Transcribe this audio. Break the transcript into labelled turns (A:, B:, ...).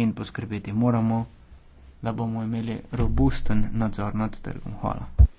A: in poskrbeti moramo, da bomo imeli robusten nadzor nad trgom. Hvala.